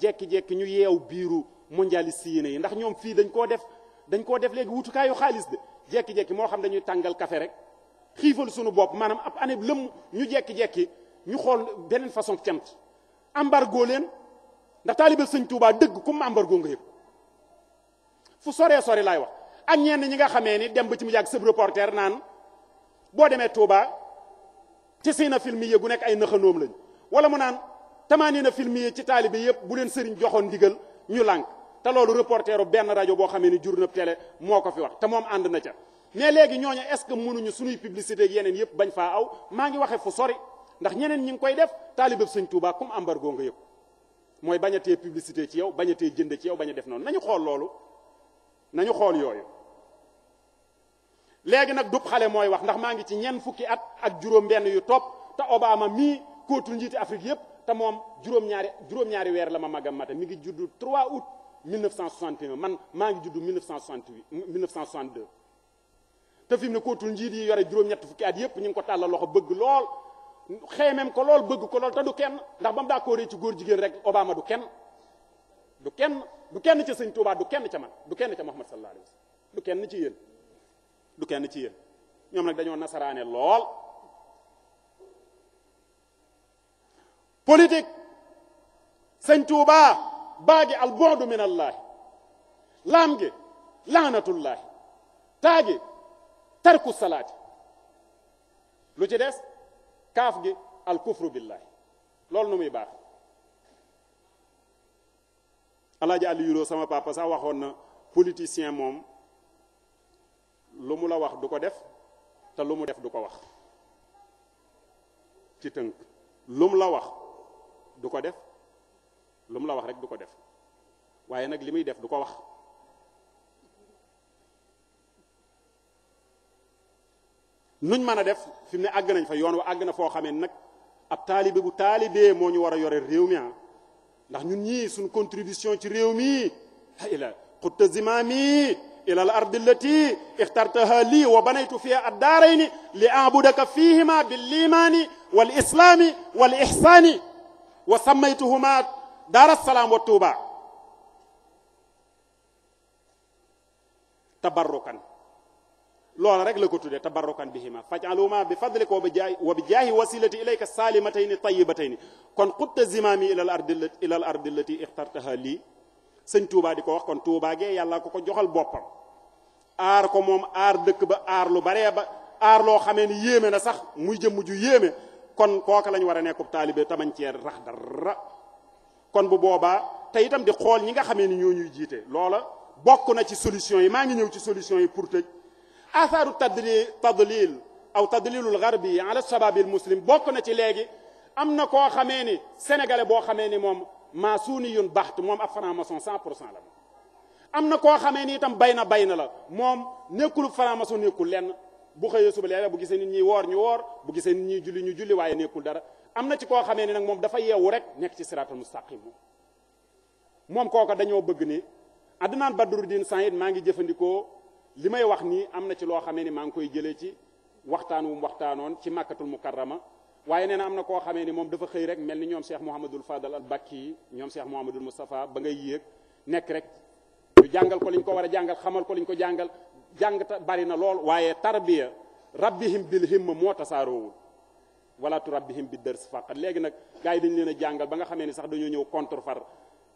jekki-jekki ñu yeew biiru mondialiste yéene yi ndax ñoom fii dañ koo def dañ koo def léegi wutukaayu xaalis de jekki-jekki moo xam dañuy tàngal kafe rek xiifal suñu bopp maanaam ab année lëmm ñu jekki-jekki ñu xool beneen façon cant ambargo leen ndax taalibe sëñ Tuubaa dëgg comme embargo nga yëg fu soree sore laay wax ak ñenn ñi nga xamee ni dem ba ci mu yàgg sëb reporter naan boo demee Tuubaa te seen film yi yëgu nekk ay nëxanoom lañ wala mu naan tamaani na film yi ci taalibe yëpp bu leen sëriñ joxoon ndigal ñu lànk te loolu reporteru benn rajo boo xamee ni jur na télé moo ko fi wax te moom ànd na ca mais léegi ñooñu est-ce que mënuñu suñuy publicité ak yeneen yëpp bañ faa aw maa ngi waxe fu sori ndax ñeneen ñi ngi koy def taalibe sëñ Tuubaa comme embargo nga yëpp mooy bañ a tee publicité ci yow bañ a tee jënd ci yow bañ a def noonu nañu xool loolu nañu xool yooyu léegi nag dub xale mooy wax ndax maa ngi ci ñenn fukki at ak juróom benn yu topp te Obama mii kootul njiiti Afrique yëpp te moom juróom-ñaari juróom-ñaari weer la ma magam mate mi ngi juddu 3 août 1961 man maa ngi juddu 1968 1962. te fi mu ne kootul njiit yi yore juróom-ñett fukki at yépp ñu ngi ko tàllal loxo bëgg lool xeemeem ko lool bëgg ko lool te du kenn ndax ba mu d'accord ci góor jigéen rek Obama du kenn. du kenn du kenn ca sëñ Touba du kenn ca man du kenn ca Muhammad sallallahu alayhi wasallam du kenn ci yéen du kenn ci yéen ñoom nag dañoo nasaraane lool. politique sëñ Tuubaa baa gi al bu'du min allaahi laam gi laanatullaahi taa gi tarku salaati lu ci des kaaf gi al kufru billaahi loolu nu muy baax alaaji àlli yuroo sama papa sax waxoon na politicien moom lu mu la wax du ko def te lu mu def du ko wax ci tënk lu mu la wax du ko def lu la wax rek du ko def waaye nag li muy def du ko wax nuñ mën a def fi ne àgg nañ fa yoon wa àgg na foo xamee nag ab taalibe bu taalibee moo ñu war a yore réew mi ah. ndax ñun ñii suñ contribution ci réew mi ila xutta zimaami ila al ardi allati ixtartaha lii wa banaytu fiha ad daarayni li abudaka fihima bil limaani wal islaami wal ihsaani wa sammaytuhuma daara salaam wa tuuba tabarrukan loola rek la ko tuddee tabarrukan bihima fajaluma bi fadlika wa bi jaahi wa bi jaahi wasilati ilayka saalimatayni tayibatayni kon xutta zimaami ilal ardi ilal ardi lati ixtartaha lii sëñ tuubaa di ko wax kon tuubaa gee yàlla ko ko joxal boppam aar ko moom aar dëkk ba aar lu baree ba aar loo xamee ni yéeme na sax muy jëmm ju kon kooka lañ war a nekkub taalibe tamañ cee rax dara kon bu boobaa te itam di xool ñi nga xamee ni ñoo ñuy jiite loola bokk na ci solution yi maa ngi ñëw ci solution yi pour tëj athaaru tadli tadlil aw tadlilul garbi ala shababil muslim bokk na ci léegi am na koo xamee ni sénégalais boo xamee ni moom maasuni yun baxt moom ab franc-maçon cent pour cent la am na koo xamee ni itam bay na bay na la moom nekkul franc-maçon nekkul lenn bu xëyee suba leele bu gisee nit ñi woor ñu woor bu gisee nit ñi julli ñu julli waaye nekkul dara am na ci koo xamee ne nag moom dafa yeewu rek nekk ci siraatal mustaqim moom moom kooka dañoo bëgg ni Adnan Badruddin Saïd maa ngi jëfandikoo li may wax nii am na ci loo xamee ni maa ngi koy jëlee ci waxtaan wum waxtaanoon ci màkkatul mukarrama waaye nee na am na koo xamee ni moom dafa xëy rek mel ni ñoom Cheikh Mouhamadul Fadal al Bakki yi ñoom Cheikh Mouhamadul Moustapha ba ngay yéeg nekk rek ñu jàngal ko liñ ko war a jàngal xamal ko liñ ko jàngal jàng bari na lool waaye tarbiya rabbihim bil himma moo tasaaroowul walaatu rabbihim bi dërs faqat léegi nag gars yi dañ leen a jàngal ba nga xamee ni sax dañoo ñëw contre far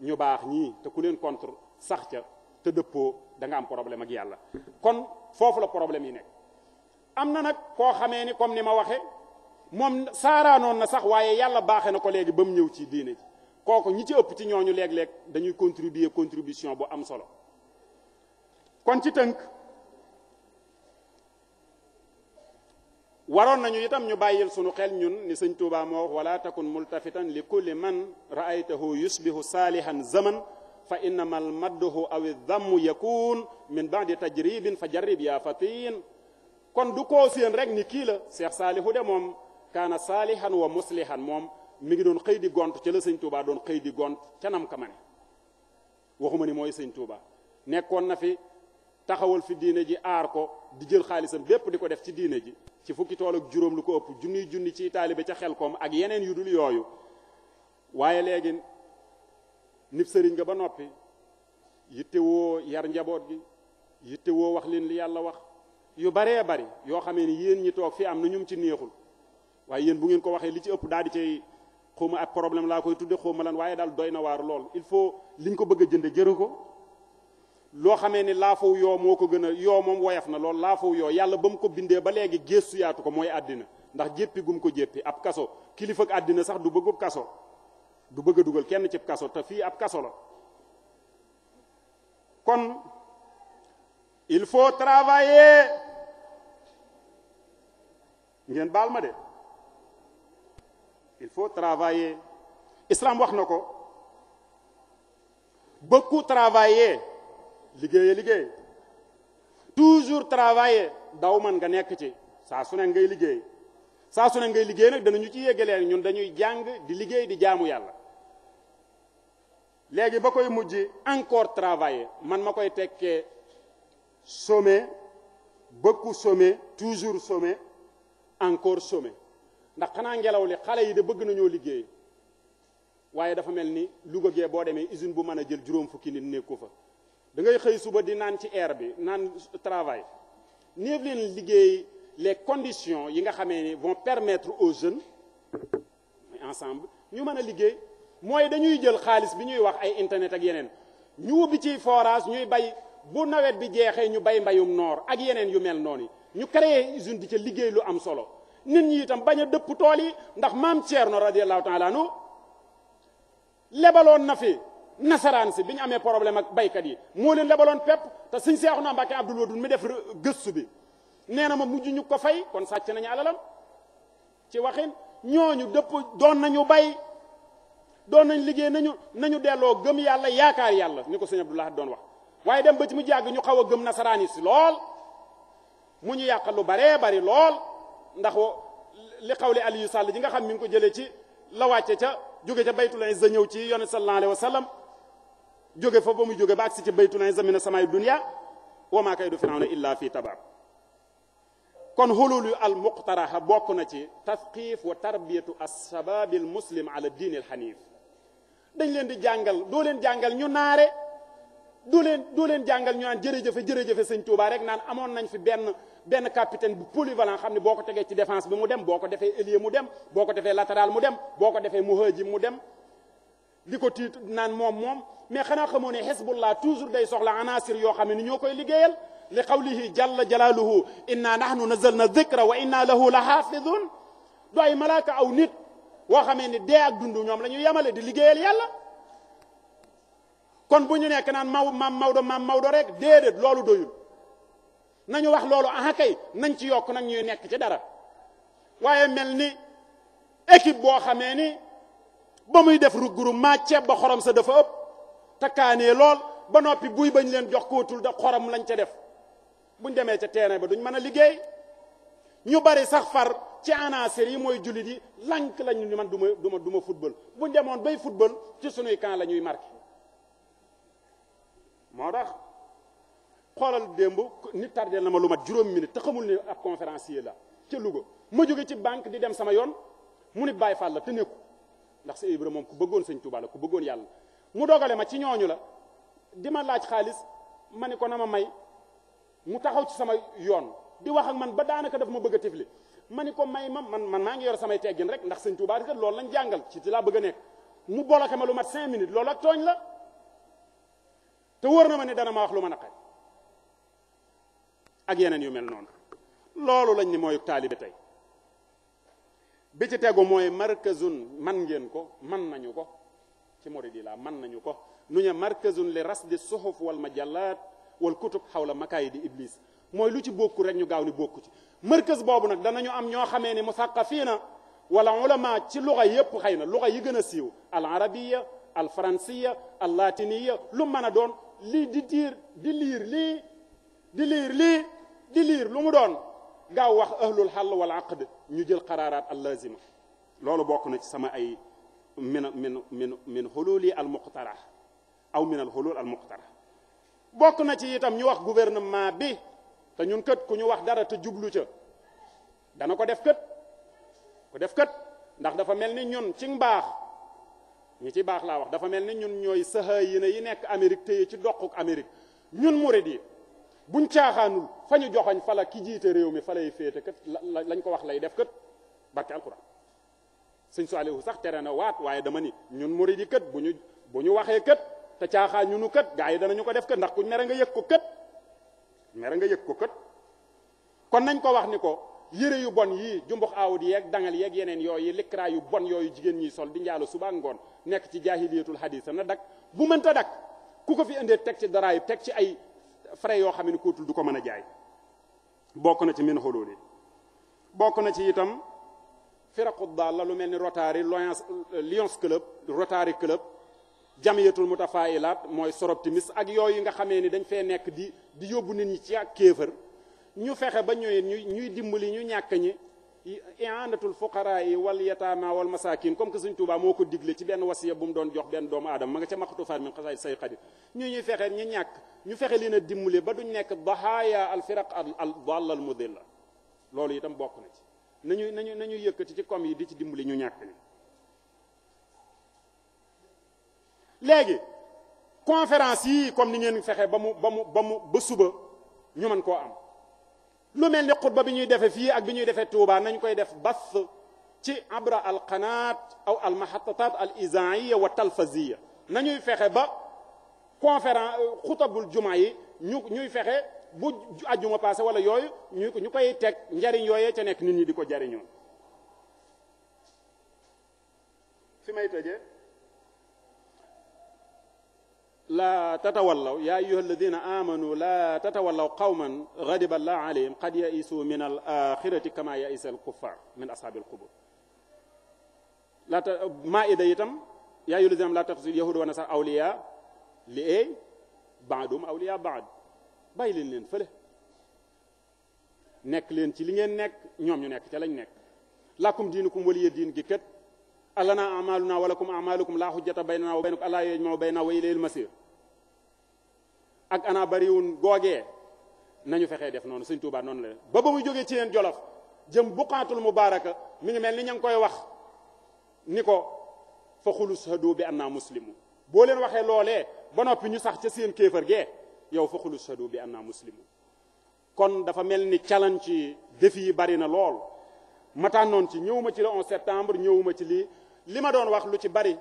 ñu baax ñii te ku leen contre sax ca te dëppoo da nga am problème ak yàlla kon foofu la problème yi nekk am na nag koo xamee ni comme ni ma waxe moom saaraanoon na sax waaye yàlla baaxee na ko léegi ba mu ñëw ci diine ji kooku ñi ci ëpp ci ñooñu léeg-léeg dañuy contribuer contribution bu am solo waroon nañu itam ñu bàyyil sunu xel ñun ni sëñ Tuubaa moo wax wala takun multafitan li kulli man raaytahu yusbihu saalihan zaman fa innama almadduhu aw dammu yakun min baadi tajribin fa jarrib yaa fatin kon du koo séen rek ni kii la Cheikh Saalihu de moom kaana saalihan wa muslihan moom mi ngi doon xëydi gont ca la sëñ Tuubaa doon xëy di gont ca nam ka ma waxuma ni mooy sëñ Tuubaa nekkoon na fi taxawal fi diine ji aar ko di jël xaalisam bépp di ko def ci diine ji ci fukki tool ak juróom lu ko ëpp junniy junni ci taalibe ca xel koom ak yeneen yu dul yooyu waaye léegi nib sëriñ ga ba noppi yittewoo yar njaboot gi yittewoo wax leen li yàlla wax yu baree bari yoo xamee ni yéen ñi toog fii am na ñum ci neexul waaye yéen bu ngeen ko waxee li ci ëpp daal di cay xawma ab problème laa koy tudde xawma lan waaye daal doy na waar lool il faut liñ ko bëgg a jënde jëru ko loo xamee ni laafaw yoo moo ko gën a yoo moom woyaf na lool laafaw yoo yàlla ba mu ko bindee ba léegi gëstu yaatu ko mooy àddina ndax jéppi gum ko jéppi ab kaso kilifa àddina sax du bëgg kaso du bëgg a dugal kenn ci kaso te fii ab kaso la kon il faut travailler ngeen baal ma de il faut travailler islam wax na ko beaucoup travailler liggéeye liggéey toujours travailler daw man nga nekk ci saa su ngay liggéey saa su ngay liggéey nag danañu ci yégalee ñun dañuy jàng di liggéey di jaamu yàlla léegi ba koy mujj encore travailler man ma koy tekkee sommet beaucoup some toujours some encore sommet ndax xanaa ngelaw li xale yi de bëgg nañoo liggéey waaye dafa mel ni Louga gee boo demee usine bu mën a jël juróom fukki nit nekku fa da ngay xëy suba di naan ci air bi naan travail néew leen liggéey les conditions yi nga xamee ni vont permettre aux jeunes ensemble ñu mën a liggéey mooy dañuy jël xaalis bi ñuy wax ay internet ak yeneen ñu ubbi ci forage ñuy bay bu nawet bi jeexee ñu bay mbayum noor ak yeneen yu mel noonu ñu créer usine di ca liggéey lu am solo nit ñi itam bañ a dëpp tool yi ndax maam Thierno radiyallahu taala anu lebaloon na fi nasaraan si bi ñu amee problème ak baykat yi moo leen lebaloon pepp te suñ seexu naa Mbàkke Abdul Wadud mu def gëstu bi nee na ma mujj ñu ko fay kon sàcc nañu alalam ci waxin ñooñu dëpp doon nañu bay doon nañ liggéey nañu nañu delloo gëm yàlla yaakaar yàlla ni ko sëñ Abdullah doon wax waaye dem ba ci mu jàgg ñu xaw a gëm nasaraan yi si lool mu ñu yàqal lu bare bari lool ndax li xaw xawle Aliou sàll ji nga xam mi ngi ko jëlee ci la wàcce ca jóge ca baytul izza ñëw ci yonent sallallahu alayhi jóge fa ba mu jóge ba agsi ci baytu na zamina samay dunya wa maa kaydu firawna illa fi tabaab kon hulul yu al muqtaraha bokk na ci tafqiif wa tarbiyatu assababil muslim ala diinil xaniif dañ leen di jàngal doo leen jàngal ñu naare doo doo leen jàngal ñu naan jërëjëfe jërëjëfe sëñ Tuubaa rek naan amoon nañ fi benn benn capitaine bu polyvalent xam ne boo ko tegee ci défense bi mu dem boo ko defee ailier mu dem boo ko defee latéral mu dem boo ko defee muhajim mu dem di ko tiit naan moom moom mais xanaa xamoo ne xisbullah toujours day soxla anasir yoo xam ne ni ñoo koy liggéeyal li qawlihi jalla jalaaluhu inna nahnu nazalna dikra wa inna lahu la xaafidun du ay malaaka aw nit woo xamee ni dee ak dund ñoom la ñu yemale di liggéeyal yàlla kon bu ñu nekk naan maw maam Maodo maam Maodo rek déedéet loolu doyul nañu wax loolu ah kay nañ ci yokk nag ñuy nekk ci dara waaye mel ni équipe boo xamee ni ba muy def regroupement ceeb ba xorom sax dafa ëpp takkaanee lool ba noppi buy bañ leen jox kootul da xorom lañ ca def buñ demee ca terrain ba duñ mën a liggéey ñu bari sax far ci annonceurs yi mooy jullit yi lank lañu man du ma du ma du ma football buñ demoon bay football ci suñuy camp la ñuy marqué moo tax xoolal démb nit tardeel na ma lu mat juróom minute te xamul ne ab conférencier la ca Louga ma jóge ci banque di dem sama yoon mu ni Baay Faal la te nekku ndax Seex Ibra moom ku bëggoon sëñ Tuubaa la ku bëggoon yàlla mu dogale ma ci ñooñu la di ma laaj xaalis ma ne ko na ma may mu taxaw ci sama yoon di wax ak man ba daanaka daf ma bëgg a tifli ma ni ko may ma man man maa ngi yor samay teggin rek ndax sëñ Tuubaa kat loolu lañ jàngal ci ci laa bëgg a nekk mu boloke ma lu mat cinq minutes loolu ak tooñ la te wóor na ma ne dana ma wax lu ma naqari ak yeneen yu mel noonu loolu lañ ni mooy taalibe tey bi ci tegu mooy markazun man ngeen ko man nañu ko ci moridi laa man nañu ko nu ñu markazun li rasdi suhuf wal majallaat wal kutub xawla makayi di iblis mooy lu ci bokku rek ñu gaaw ni bokku ci markaz boobu nag danañu am ñoo xamee ni musaqafiina wala ulama ci luga yépp xëy na luga yi gën a siiw al arabiya al faransiya al latiniya lu mën a doon li di diir di liir lii di liir di liir lu mu doon gaaw wax ahlul xal wal aqd ñu jël xaraaraat allazima loolu bokk na ci sama ay min min min min xululi al muqtara aw min al xulul al muqtara bokk na ci itam ñu wax gouvernement bi te ñun kët ku ñu wax dara te jublu ca dana ko def kët ko def kët ndax dafa mel ni ñun ci baax ñi ci baax laa wax dafa mel ni ñun ñooy saha yi na yi nekk Amérique téye ci doquk Amérique ñun murid yi buñ caaxaanul fa ñu joxoñ fa la ki jiite réew mi fa lay féete kat lañ ko wax lay def kat barke alquran sëñ Saalihu sax tere na waat waaye dama ni ñun murid yi kat bu ñu bu ñu waxee kët te caaxaan ñunu kat gaa yi danañu ko def kat ndax ku mere nga yëg ko kat mere nga yëg ko kat kon nañ ko wax ni ko yére yu bon yii jumbux aawut yeeg dangal yeeg yeneen yooyu likra yu bon yooyu jigéen ñi sol di njaalo suba ngoon nekk ci jaahiliyatul hadisa na dak bu mënta dak ku ko fi indee teg ci daraay teg ci ay frais yoo xam ne kootul du ko mën a jaay bokk na ci min xolool bokk na ci itam firaqu daal la lu mel ni Rotary Lions Club Rotary Club jamiyatul mutafailat mooy soroptimis ak yooyu nga xamee ni dañ fee nekk di di yóbbu nit ñi ci ak kéefër ñu fexe ba ñooy ñuy dimbali ñu ñàkk ñi i'aanatul fuqaraa yi wal yataama wal masaakin comme que suñ Tuubaa moo ko digle ci benn wasiya bu mu doon jox benn doomu aadama ma nga ca maqatu faat min xasaay say xadir ñu ñuy fexe ñu ñàkk ñu fexe leen a ba duñ nekk dahaaya al firaq al dalla al mudilla loolu itam bokk na ci nañu nañu nañu yëkkati ci kom yi di ci dimbali ñu ñàkk ni léegi comme ni ngeen fexe ba mu ba mu ba mu ba suba ñu mën koo am lu mel ni xutba bi ñuy defee fii ak bi ñuy defee Touba nañ koy def bas ci abra al qanaat aw al mahattatat al isaiya wa talfaziya nañuy fexe ba conférence xutabul juma yi ñu ñuy fexe bu ajjuma passé wala yooyu ñu ñu koy teg njariñ yooyee ca nekk nit ñi di ko jariñoo fi may tëjee laa tatawallaw yaa ayyuha alladina amanu laa tatawallaw qawman ghadiba allah alayhim qad yaisu min al axirati kama yaisa al kuffar min ashaabi al qubur laata maida itam yaa ayyuha alladina laa taxsul yahuda wa nasar awliya li eey baadum awliya baad bàyyi leen leen fële nekk leen ci li ngeen nekk ñoom ñu nekk ca lañ nekk lakum diinukum waliya diin gi kët alana amaluna walakum amalukum laa xujjata baynana wa baynakum alla yajma'u baynana wa ilayhil masir ak anaa bariwun googee nañu fexee def noonu sëñ Tuubaa noonu la def ba ba muy jógee ci leen jolof jëm buqaatul mubaaraka mi ngi mel ni ña ngi koy wax ni ko fa xulus hadu bi anna muslimu boo leen waxee loolee ba noppi ñu sax ca seen kéefër gee yow fa xulus hadu bi anna muslimu kon dafa mel ni challenge ci défi yi bari na lool mataan tànnoon ci ñëwuma ci le 11 septembre ñëwuma ci lii li ma doon wax lu ci bari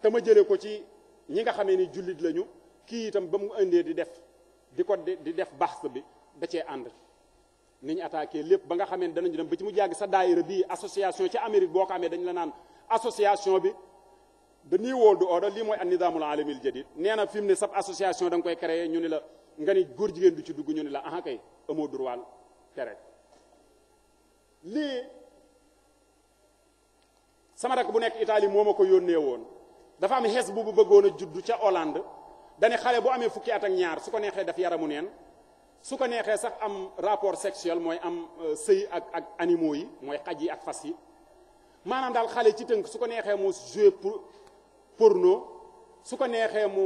te ma jëlee ko ci ñi nga xamee ni jullit lañu kii itam ba mu indee di def di ko di def baax bi da cee ànd ni ñu attaqué lépp ba nga xamee ne danañu dem ba ci mu jàgg sa daayira bii association ci Amérique boo ko amee dañu la naan association bi the new world order lii mooy an nizaamul aalamil jadid nee na fi mu ne sab association da koy créé ñu ne la nga ni góor jigéen du ci dugg ñu ne la aha kay amoo droit tere lii sama rakk bu nekk Italie moo ma ko yónnee woon dafa am xees bu bu bëggoon a juddu ca Hollande dane xale boo amee fukki atak ñaar su ko neexee def yaramu neen su ko neexee sax am rapport sexuel mooy am euh, sëy ak ak animaux yi mooy xaj yi ak fas yi maanaam daal xale ci tënk su ko neexee mu jouer pour porno su ko neexee mu